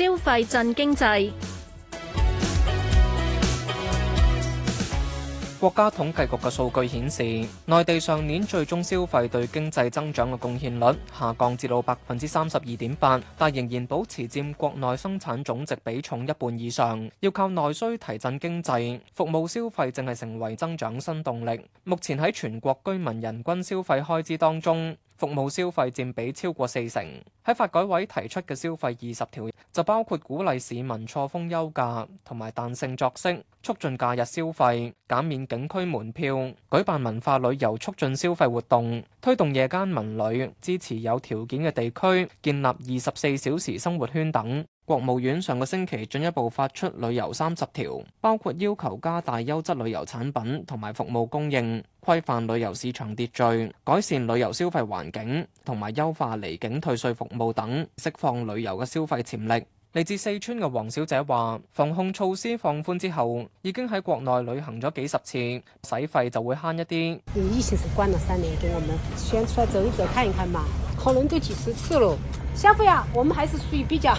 消費振經濟。國家統計局嘅數據顯示，內地上年最終消費對經濟增長嘅貢獻率下降至到百分之三十二點八，但仍然保持占國內生產總值比重一半以上。要靠內需提振經濟，服務消費正係成為增長新動力。目前喺全國居民人均消費開支當中，服務消費佔比超過四成，喺發改委提出嘅消費二十條就包括鼓勵市民錯峰休假同埋彈性作息，促進假日消費，減免景區門票，舉辦文化旅遊促進消費活動，推動夜間文旅，支持有條件嘅地區建立二十四小時生活圈等。國務院上個星期進一步發出旅遊三十條，包括要求加大優質旅遊產品同埋服務供應，規範旅遊市場秩序，改善旅遊消費環境，同埋優化離境退稅服務等，釋放旅遊嘅消費潛力。嚟自四川嘅黃小姐話，防控措施放寬之後，已經喺國內旅行咗幾十次，使費就會慳一啲。你以前是關咗三年，給我們先出來走一走、看一看嘛，可能都幾十次咯。消費啊，我們還是屬於比較。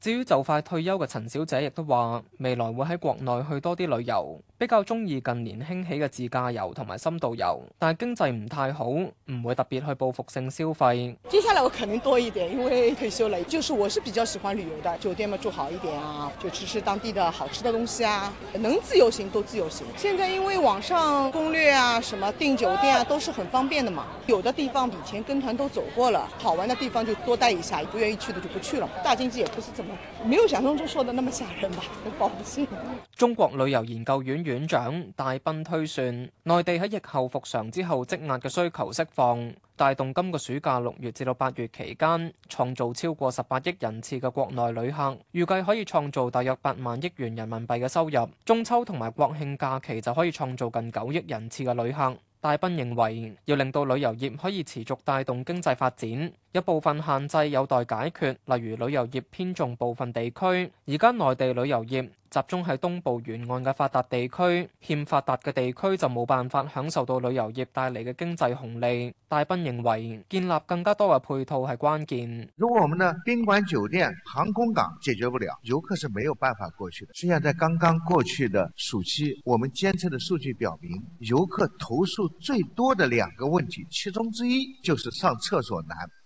至於就快退休嘅陳小姐亦都話：未來會喺國內去多啲旅遊，比較中意近年興起嘅自駕遊同埋深度遊，但係經濟唔太好，唔會特別去報復性消費。接下來我肯定多一點，因為退休了，就是我是比較喜歡旅遊的，酒店咪住好一點啊，就吃吃當地的好吃嘅東西啊，能自由行都自由行。現在因為網上攻略啊、什麼訂酒店啊，都是很方便的嘛。有的地方以前跟團都走過了，好玩嘅地方就多待一下，一不願意去的就不去了。大經濟也不是麼沒有想象中說的那麼吓人吧，放心。中國旅遊研究院院長戴斌推算，內地喺疫後復常之後積壓嘅需求釋放，帶動今個暑假六月至到八月期間，創造超過十八億人次嘅國內旅客，預計可以創造大約八萬億元人民幣嘅收入。中秋同埋國慶假期就可以創造近九億人次嘅旅客。戴斌認為，要令到旅遊業可以持續帶動經濟發展。一部分限制有待解決，例如旅遊業偏重部分地區，而家內地旅遊業集中喺東部沿岸嘅發達地區，欠發達嘅地區就冇辦法享受到旅遊業帶嚟嘅經濟紅利。戴斌認為建立更加多嘅配套係關鍵，如果我們的賓館酒店、航空港解決不了，遊客是沒有辦法過去的。現在剛剛過去的暑期，我們監測的數據表明，遊客投訴最多的兩個問題，其中之一就是上廁所難。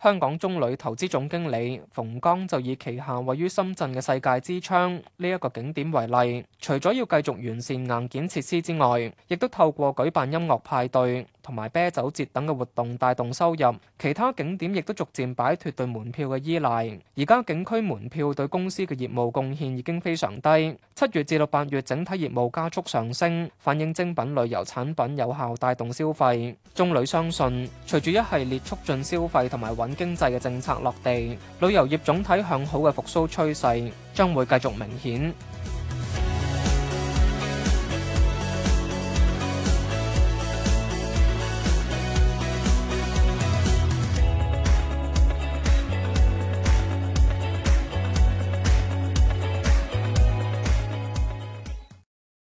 香港中旅投資總經理馮剛就以旗下位於深圳嘅世界之窗呢一個景點為例，除咗要繼續完善硬件設施之外，亦都透過舉辦音樂派對同埋啤酒節等嘅活動帶動收入。其他景點亦都逐漸擺脫對門票嘅依賴，而家景區門票對公司嘅業務貢獻已經非常低。七月至到八月，整體業務加速上升，反映精品旅遊產品有效帶動消費，中旅相信，隨住一系列促進消費同埋穩經濟嘅政策落地，旅遊業總體向好嘅復蘇趨勢將會繼續明顯。